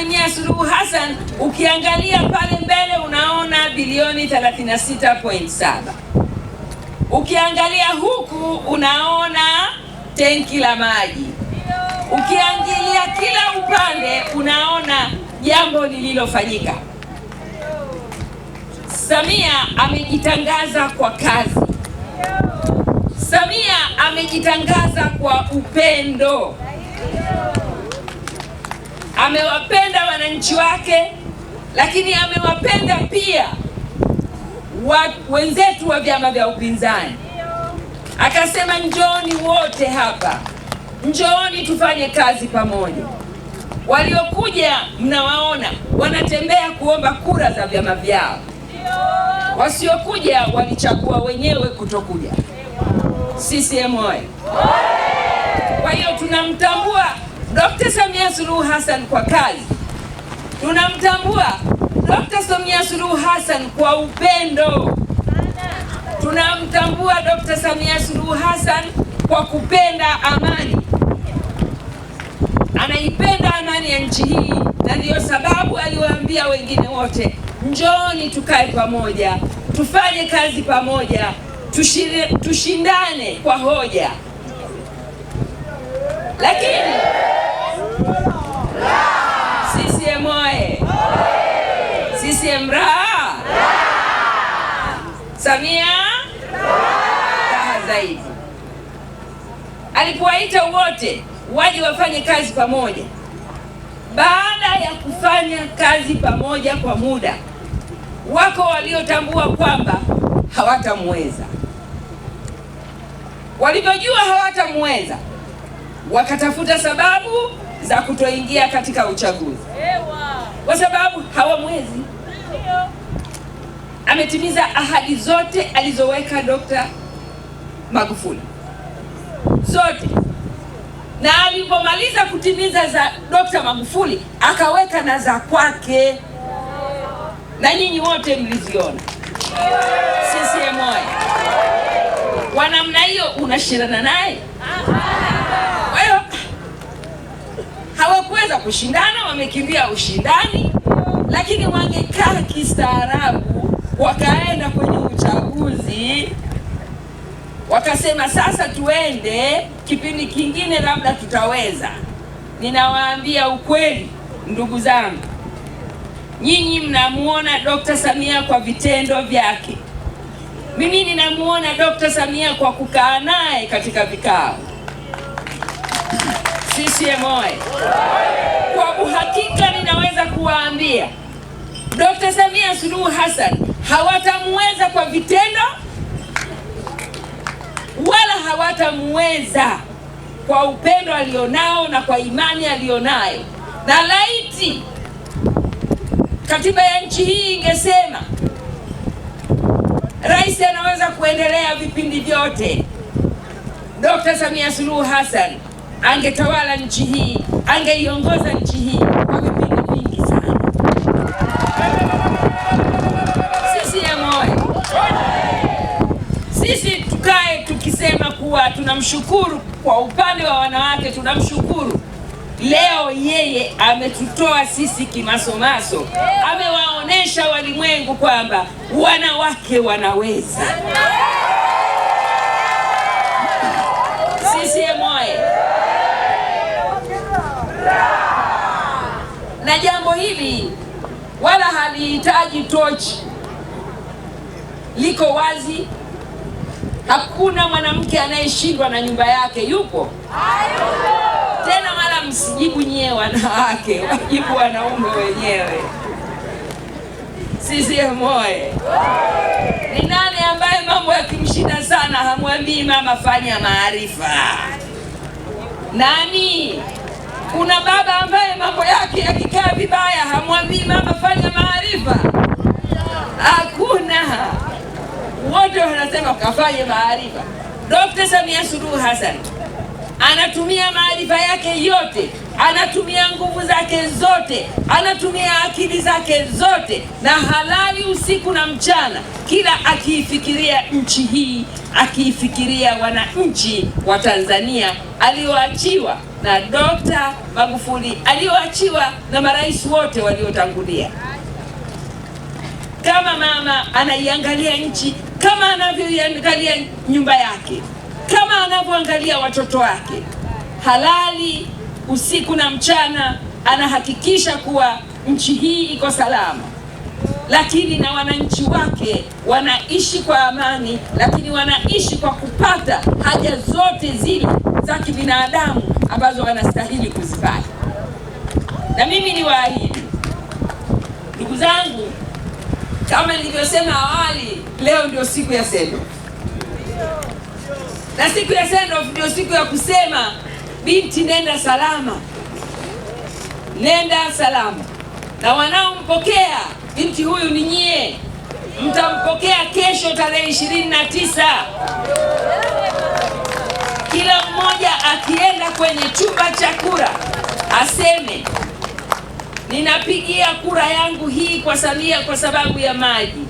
Samia Suluhu Hassan, ukiangalia pale mbele unaona bilioni 36.7, ukiangalia huku unaona tenki la maji, ukiangalia kila upande unaona jambo lililofanyika. Samia amejitangaza kwa kazi. Samia amejitangaza kwa upendo amewapenda wananchi wake, lakini amewapenda pia wa, wenzetu wa vyama vya upinzani. Akasema njooni wote hapa, njooni tufanye kazi pamoja. Waliokuja mnawaona wanatembea kuomba kura za vyama vyao, wasiokuja walichagua wenyewe kutokuja. CCM oye! Kwa hiyo tunamtambua Dkt. Samia Suluhu Hassan kwa kali tunamtambua Dkt. Samia Suluhu Hassan kwa upendo tunamtambua Dkt. Samia Suluhu Hassan kwa kupenda amani, anaipenda amani ya nchi hii, na ndiyo sababu aliwaambia wengine wote, njooni tukae pamoja, tufanye kazi pamoja, tushire, tushindane kwa hoja, lakini CCM oye! CCM raha! Samia raha zaidi. Alipowaita wote waje wafanye kazi pamoja, baada ya kufanya kazi pamoja kwa muda, wako waliotambua kwamba hawatamweza. Walivyojua hawatamweza, wakatafuta sababu za kutoingia katika uchaguzi, kwa sababu hawamwezi. Ametimiza ahadi zote alizoweka Dr. Magufuli zote, na alipomaliza kutimiza za Dr. Magufuli akaweka na za kwake, na nyinyi wote mliziona. CCM oye! Kwa namna hiyo unashirana naye hawakuweza kushindana, wamekimbia ushindani, lakini wangekaa kistaarabu, wakaenda kwenye uchaguzi wakasema sasa tuende kipindi kingine, labda tutaweza. Ninawaambia ukweli, ndugu zangu, nyinyi mnamuona Dr. Samia kwa vitendo vyake, mimi ninamwona Dr. Samia kwa kukaa naye katika vikao. CCM oye! Kwa uhakika ninaweza kuwaambia Dr. Samia Suluhu Hassan hawatamweza kwa vitendo wala hawatamweza kwa upendo alionao na kwa imani alionayo. Na laiti katiba ya nchi hii ingesema rais anaweza kuendelea vipindi vyote, Dr. Samia Suluhu Hassan angetawala nchi hii, angeiongoza nchi hii kwa vipindi vingi sana. Sisi tukae tukisema kuwa tunamshukuru kwa upande wa wanawake, tunamshukuru leo, yeye ametutoa sisi kimasomaso, amewaonesha walimwengu kwamba wanawake wanaweza hili wala halihitaji tochi, liko wazi. Hakuna mwanamke anayeshindwa na nyumba yake. Yupo tena, wala msijibu nyie wanawake, wajibu wanaume wenyewe. CCM oye! Ni nani ambaye mambo yakimshinda sana hamwambii mama fanya maarifa? Nani? Kuna baba ambaye mambo yake yakikaa vibaya hamwambii mama fanya maarifa, hakuna. Wote wanasema kafanye maarifa. Dkt. Samia Suluhu Hassan anatumia maarifa yake yote anatumia nguvu zake zote, anatumia akili zake zote, na halali usiku na mchana, kila akiifikiria nchi hii, akiifikiria wananchi wa Tanzania aliyoachiwa na Dokta Magufuli, alioachiwa na marais wote waliotangulia. Kama mama anaiangalia nchi kama anavyoiangalia nyumba yake, kama anavyoangalia watoto wake, halali usiku na mchana, anahakikisha kuwa nchi hii iko salama, lakini na wananchi wake wanaishi kwa amani, lakini wanaishi kwa kupata haja zote zile za kibinadamu ambazo wanastahili kuzipata. Na mimi niwaahidi ndugu zangu, kama nilivyosema awali, leo ndio siku ya send na siku ya send ndio siku ya kusema binti, nenda salama, nenda salama. Na wanaompokea binti huyu ni nyie, mtampokea kesho tarehe ishirini na tisa. Kila mmoja akienda kwenye chumba cha kura aseme ninapigia kura yangu hii kwa Samia kwa sababu ya maji,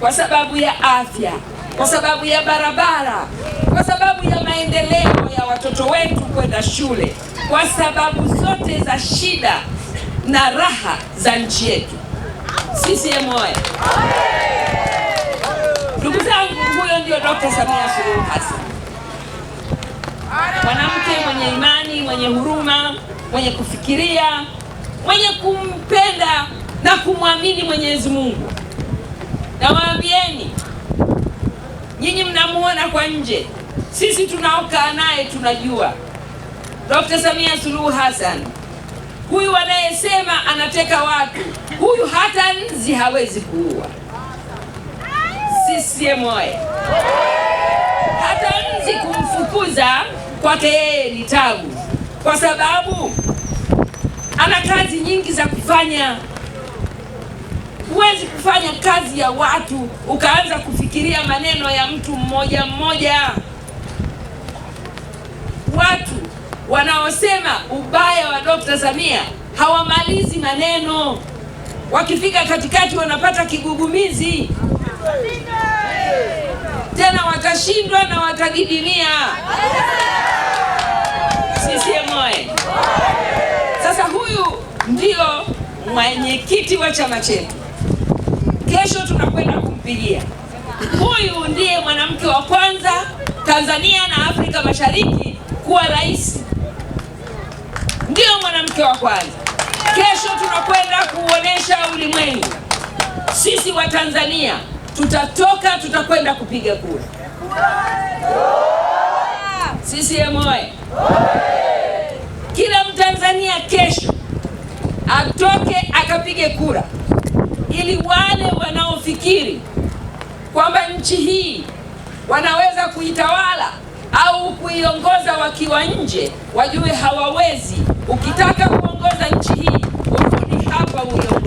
kwa sababu ya afya, kwa sababu ya barabara, kwa sababu maendeleo ya watoto wetu kwenda shule kwa sababu zote za shida na raha za nchi yetu. CCM oye! Ndugu zangu, huyo ndio Dr. Samia Suluhu Hassan, mwanamke mwenye imani, mwenye huruma, mwenye kufikiria, mwenye kumpenda na kumwamini Mwenyezi Mungu. Nawaambieni nyinyi, mnamuona kwa nje sisi tunaokaa naye tunajua Dr. Samia Suluhu Hassan huyu anayesema anateka watu, huyu hata nzi hawezi kuua. CCM oye! Hata nzi kumfukuza kwake yeye ni tabu, kwa sababu ana kazi nyingi za kufanya. Huwezi kufanya kazi ya watu ukaanza kufikiria maneno ya mtu mmoja mmoja watu wanaosema ubaya wa Dr. Samia hawamalizi maneno, wakifika katikati wanapata kigugumizi tena, watashindwa na watadidimia. CCM oye! Sasa huyu ndio mwenyekiti wa chama chetu, kesho tunakwenda kumpigia. Huyu ndiye mwanamke wa kwanza Tanzania na Afrika Mashariki kuwa rais ndio mwanamke wa kwanza. Kesho tunakwenda kuonesha ulimwengu, sisi wa Tanzania tutatoka, tutakwenda kupiga kura. CCM oye! Kila Mtanzania kesho atoke akapige kura, ili wale wanaofikiri kwamba nchi hii wanaweza kuitawala au kuiongoza wakiwa nje wajue hawawezi. Ukitaka kuongoza nchi hii urudi hapa uwe